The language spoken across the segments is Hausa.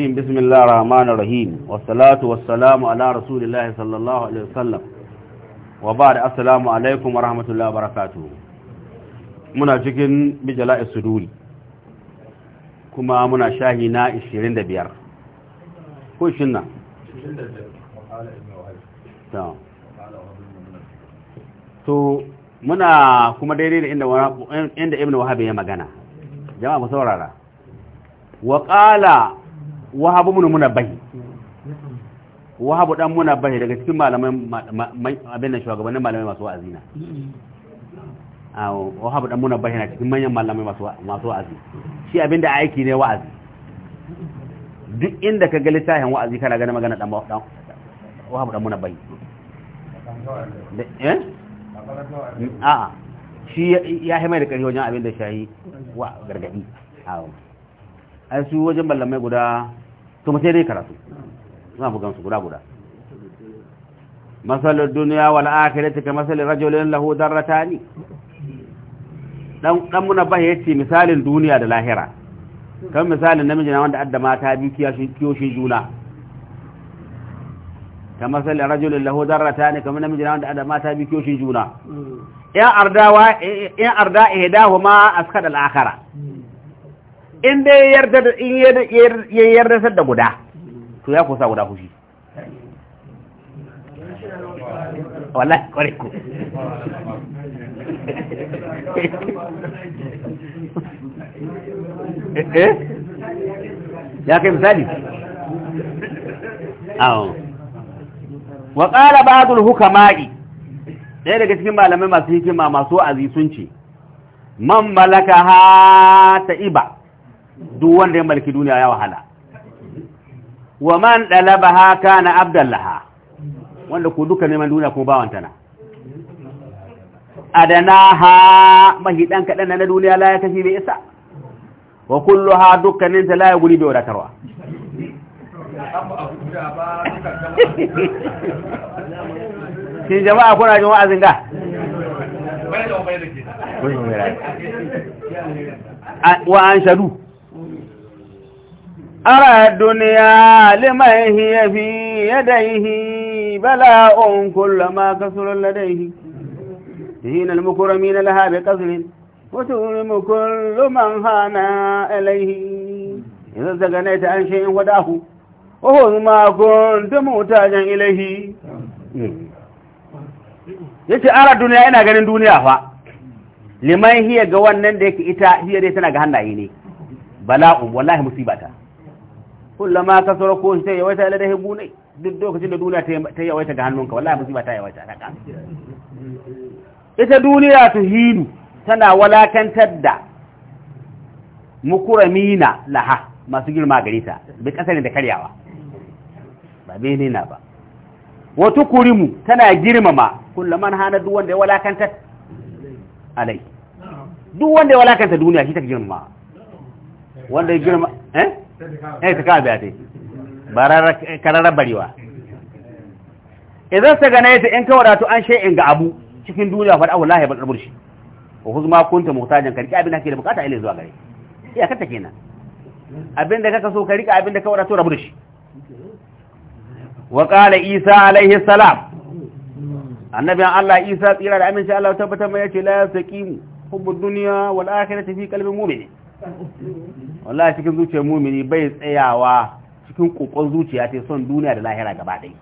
بهم بسم الله الرحمن الرحيم muna cikin bijala'i suduri kuma muna shahi na 25 to muna kuma daidai da inda ibn wahab ya magana jama'a mu saurara wa wahabu mun muna bai wahabu dan muna bai daga cikin malamai abin da shugabannin malamai masu wa'azi na ah, wahabu dan muna bai na cikin manyan malamai masu wa'azi shi abin da aiki ne wa'azi duk inda ka ga littafin wa'azi kana gani magana dan wahabu dan muna bai eh a'a shi ya haimai da ƙarfi wajen abin da shayi wa gargadi, a su wajen ballamai guda kuma sai dai karatu suna bugan su guda guda masalar duniya wal akhirati ka masalar rajulin lahu rata ne dan muna ba ce misalin duniya da lahira kan misalin namijina na wanda adda mata biyu kiyo shi juna ka masalar rajulin lahu darratani kamar namiji na wanda adda mata biyu kiyo shi juna ya arda wa ya arda ihdahuma askada al in dai ya yarda da in yarda da guda to ya kusa guda kushi. wallahi kware ku eh? ya kai misali awo wa qala ba'd al-hukama'i ɗaya daga cikin malamai masu hikima masu azi ce man malaka ha ta iba duk wanda ya malki duniya ya wahala wa man dalabaha kana abdallaha wanda ku duka neman duniya kuma bawanta na adanaha mahidan kadan na duniya la ya kafi bai isa wa kulluha dukkanin ta la ya guri bai wadatarwa kin jama'a kuna jin wa'azin ga wa an shadu أرى الدنيا لمن هي في يديه بلاء كلما كثر لديه هين المكرمين لها بقصر وتؤلم كل من هان إليه إذا استغنيت عن شيء وداه وهو ما كنت محتاجا إليه yace ara duniya ina ganin duniya fa liman hiya ga wannan da yake ita hiya dai tana ga hannaye ne bala'u wallahi musibata Kullum kullama kasara ko sai ta yawaita da hebu ne duk lokacin da duniya ta yawaita ga hannunka wallahi musiba ta yawaita waita ta ita duniya ta hinu tana walakantar da mukuramina laha masu girma gari ta bi kasarin da karyawa ba bai na ba wato kurimu tana girmama man hana duk wanda ya walakantar alai duk wanda ya walakantar duniya shi ta girmama wanda ya girma eh eh ta kawo biya ta kararar barewa idan ta gane ta in kawara to an shai'in ga abu cikin duniya faɗa wallahi ba karbar shi wa huzma kunta muhtajan karki abin da kake da bukata ile zuwa gare iya kanta kenan abin da kaka so ka rika abin da kawara to rabu da shi wa qala isa alaihi salam annabi Allah isa tsira da aminci Allah tabbatar mai ce la ya yastaqimu hubbud dunya wal akhirati fi qalbi mu'min wallahi cikin zuciyar mumini bai tsayawa cikin kokon zuciya ta son duniya da lahira gaba ɗai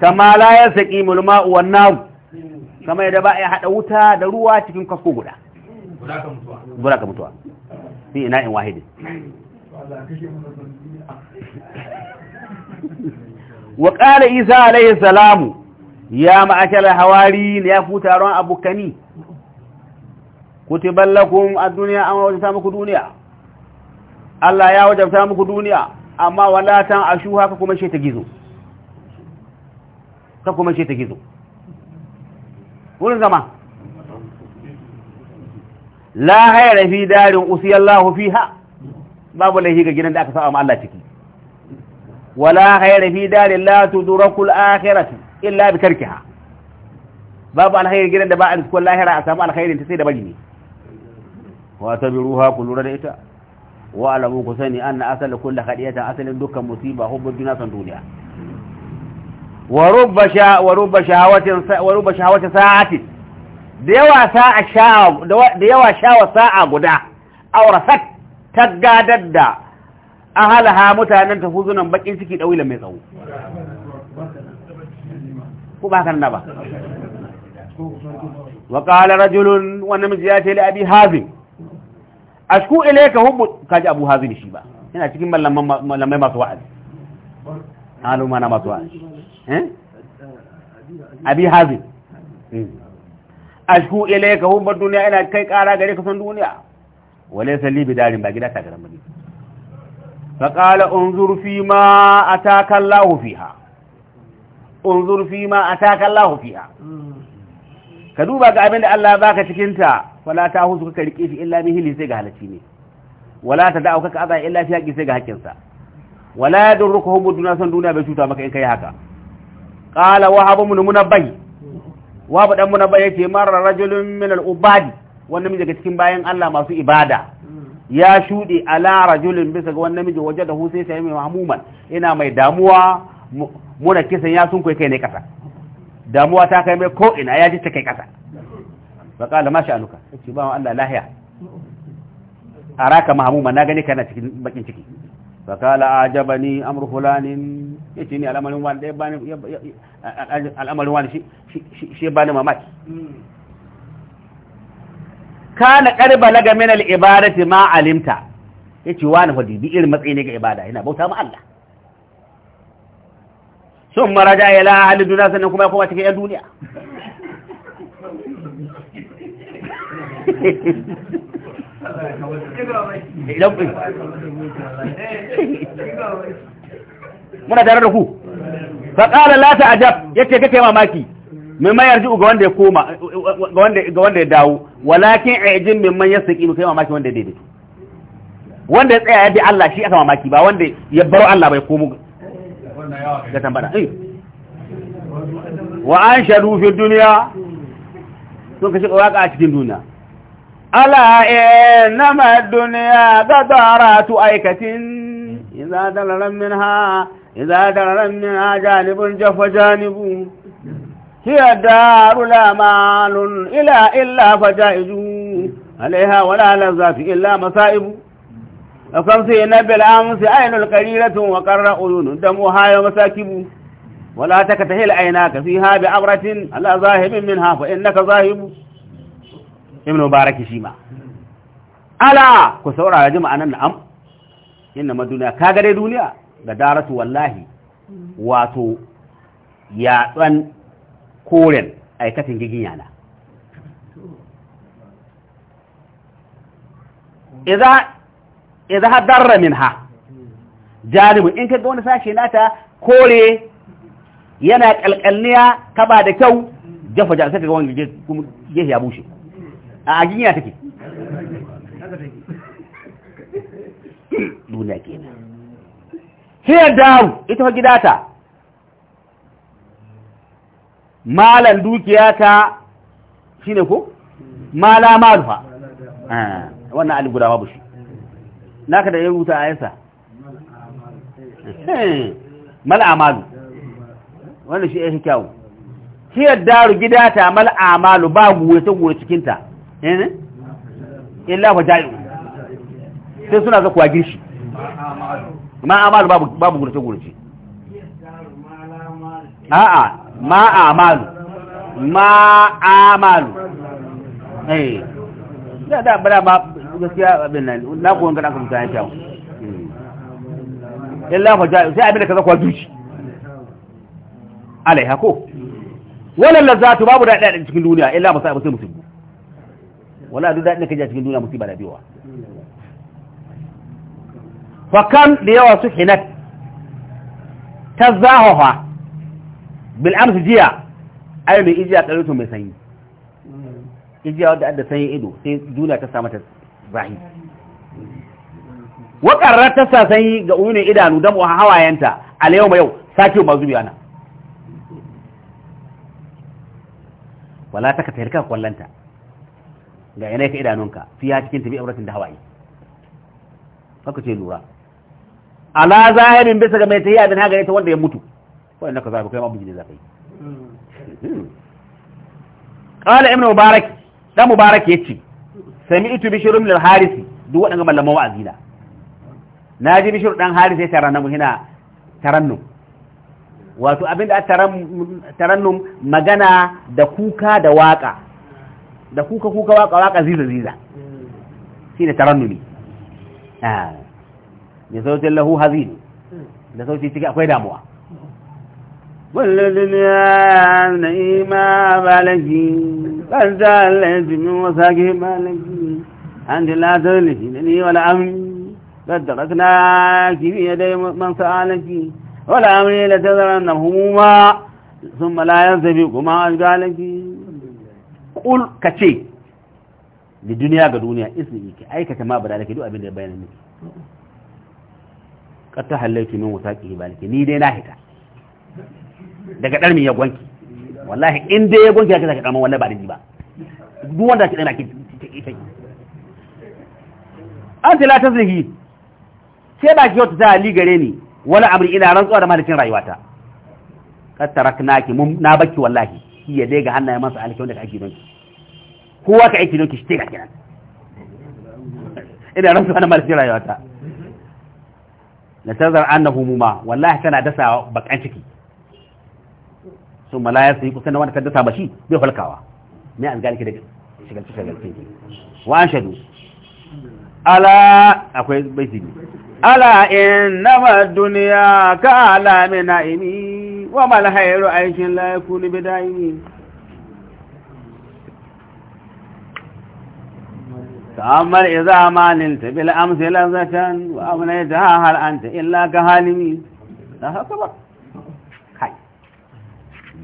kama la ya saki mulma uwan naru kama yadda ba yi haɗa wuta da ruwa cikin kasko guda guda ka mutuwa fi ina in wahidi wa ƙara isa alaihi salamu ya ma'ashar hawari ya fi taron abokani kutiban lakum ad-dunya an wajabta muku duniya Allah ya wajabta muku duniya amma wala tan ashu haka kuma shi ta gizo ta kuma shi ta gizo wurin zama la hayra fi darin usiyallahu fiha babu lahi ga gidan da aka saba Allah ciki wala hayra fi darin la tudraku al-akhiratu illa bi tarkiha babu alkhairi gidan da ba a riskon lahira a samu alkhairin ta sai da bari ne wata bi ruha ku lura da ita wa alamu ku sani an na asali kulla hadiyata asalin dukkan musiba hubbun duniya san duniya wa rubba shahawatin sa'ati da yawa sa'a sha'a da yawa shawa sa'a guda aurasat tagadar da ahalaha mutanen tafuzunan bakin ciki dawilan mai tsawo ko ba kan na ba wa qala rajulun wani namiji ya ce li abi hazim ashku ilayka hubbu kaji abu hazim shi ba Ina cikin mallamai masu wa'azi maluma na masu wa'azi eh abi hazim hmm. ashku ilayka duniya ina kai kara gare ka san duniya walaysa li bidarin ba gida ta garan ba فقال انظر فيما أتاك الله فيها انظر Ka duba ga فيها كدوبا قابل الله باك fala ta huzu kaka rike shi illa mihili sai ga halacci ne wala ta da'u kaka azai illa fi haƙi sai ga haƙinsa wala yadurruka hum duna san duna bai cuta maka in kai haka qala wa habu mun munabbi wa ba dan munabbi yace marar rajulun min al ubadi wannan miji daga cikin bayan Allah masu ibada ya shuɗe ala rajulin bisa ga wannan miji waje da husai sai mai mahmuman ina mai damuwa muna kisan ya sun kai ne kasa damuwa ta kai mai ko ina ya ji ta kai kasa fa qala ma sha'anuka yace ba Allah lahiya araka mahmuma na gani kana cikin bakin ciki fa qala ajabani amru fulanin yace ni al'amalin wani dai bani al'amarin wani shi bani mamaki kana qarba laga min al-ibadati ma alimta yace wani hudi bi irin matsayi ne ga ibada yana bauta ma Allah sun maraja ila ahli duniya sannan kuma ya koma cikin yan duniya muna tare da ku faƙala la ta'ajab yace kake mamaki min mayar ji'u ga wanda ya koma ga wanda ya dawo walakin ajin min man yasqi kai mamaki wanda ya daidaitu wanda ya tsaya ya bi Allah shi aka mamaki ba wanda ya baro Allah bai komo ga tambara eh. wa an sharu fi duniya sun kashi waka a cikin duniya ألا إنما الدنيا قدرات أيكة إذا دلل منها إذا دلل منها جانب جف جانب هي الدار لا مال إلا إلا فجائز عليها ولا لذات إلا مصائب وكم سينا بالأمس أين القليلة وقر أذن دمها ومساكب ولا تكتهل عيناك فيها بأمرة على ظاهب منها فإنك ظاهب ibn mubarak shi ma ala ku saurara jama'a nan na'am inna maduniya kaga dai duniya da daratu wallahi wato yatsan koren aikatin gigin yana idza hadarra minha jalibu in kaga wani sashe nata kore yana kalkalniya ba da kyau jafa jafa sai kaga wani ya bushe a ajiya take duniya kenan hiyar dawo ita gida ta malan dukiya ta shine ko mala malufa ah, wannan aligurawa ba shi naka da ya rubuta a yasa mal'amalu wannan shi ya shi kyawu hiyar daru gida ta mal'amalu ba guwe ta guwe cikinta eh illa faja'in sai suna zakuwa girshi ma amalu babu babu gurce gurce a'a ma amalu ma amalu eh da da bara ba gaskiya abin nan na ko ganin aka mutane ta eh. illa faja'in sai abin da ka zakuwa girshi alaiha ko wannan lazatu babu da daya cikin duniya illa ba sai mutum wala duk daɗin da ji a cikin duniya musiba da biyuwa fa kam da yawa su hinat ta zahawa bil amsu jiya ai mai ijiya ɗarito mai sanyi ijiya wadda adda sanyi ido sai duniya ta samu ta zahi waƙarar ta sa sanyi ga uyunin idanu don hawayenta a yau mai yau sake ba zubi ana wala ta ka tahirka kwallanta ga yanayi ka idanunka ya cikin tafi auratin da hawaye haka ce lura ala zahirin bisa ga mai tahiya da hagare ta wanda ya mutu wanda ka zafi kai ma bujine zakai qala ibnu mubarak dan mubarak yace sami'tu bishr ibn lil harisi duk wadanga mallaman wa'azi na naji bishr dan harisi ya tarana muhina tarannum wato abinda a tarannum magana da kuka da waka da kuka kuka waka waka ziza ziza shi ne tarannumi da ah. sautin lahu hazin da sautin ciki akwai damuwa wallon ya na ima balaji ƙanta Allah ya jimi wasa ke balaji an ji latar lishi da ni wani amin gadda rakna kiri ya dai man sa'alaki wani amin da ta zara na huma sun malayan zabi kuma an ƙul ka ce da duniya ga duniya isni ke aikata ma bada duk abin da ya bayyana miki katta hallaitu min wutaqi baliki ni dai na hita daga darmi ya gwanki wallahi in dai ya gwanki ka zaka wallahi ba da ni ba duk wanda ke dana ki an tila ta zihi sai ba ki wata ta ali gare ni wala amri ina rantsuwa da malikin rayuwata rakna mun na baki wallahi ki ya dai ga hannaye masa alkin da kake don ki kowa ka aiki doki shi ce ga kiran ina ran su hana mara cikin rayuwata na tazar na muma wallahi tana dasa bakan ciki sun malaya su yi na wanda ta dasa ba shi bai falkawa ne an gani ki da shigar shigalci ki wa an shaɗu ala akwai bai ne ala ma duniya ka alamina na'imi wa mal hayru aishin la yakunu bidaimi فأما إذا ما نلت بالأمس لذة وأبنيتها هل أنت إلا كهالمي لها طبق هاي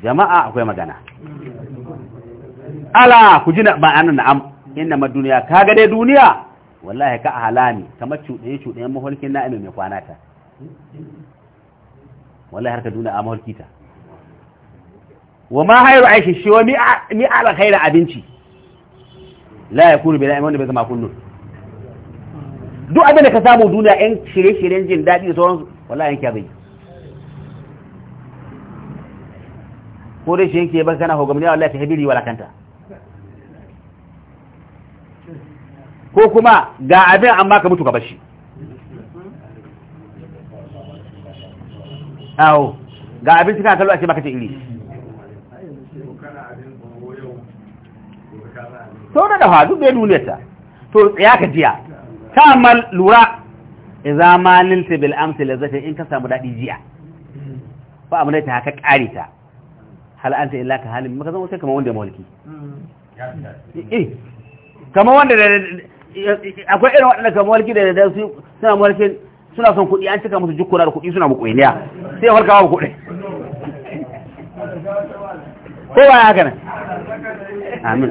جماعة أخوة مجانا ألا كجنا ما أنا نعم إنما الدنيا كاقدي الدنيا والله كأهلاني كما تشوتني تشوتني مهلك النائم من إخواناتا والله هرك دنيا مهلكيتا وما هيرو عيش الشيوة مئة على خير أبنتي la ya bi la'imin wanda bai zama kunnun duk abin da ka samu duniya yan shirye-shiryen jin daɗi da sauransu wallahi yanke abin ko dai shi yanke ba kana hogamni wallahi ta habiri wala kanta ko kuma ga abin amma ka mutu ka bashi awo ga abin suka kallo a ce maka ce iri to da dafa duk bai duniya ta to ya ka jiya ta mal lura idza ma nilta bil amsi zati in ka samu dadi jiya fa amma ta ka kare ta hal anta illa ka halin maka zama sai kamar wanda ya mulki eh kamar wanda da akwai irin waɗanda kamar mulki da da su suna mulki suna son kuɗi an cika musu jukkuna da kuɗi suna muƙoyiniya sai ya farka kuɗi ko ba haka nan amin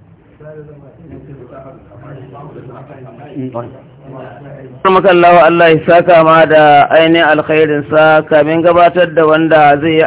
Allah ya saka ma da ainihin alkhairinsa kamin gabatar da wanda zai yi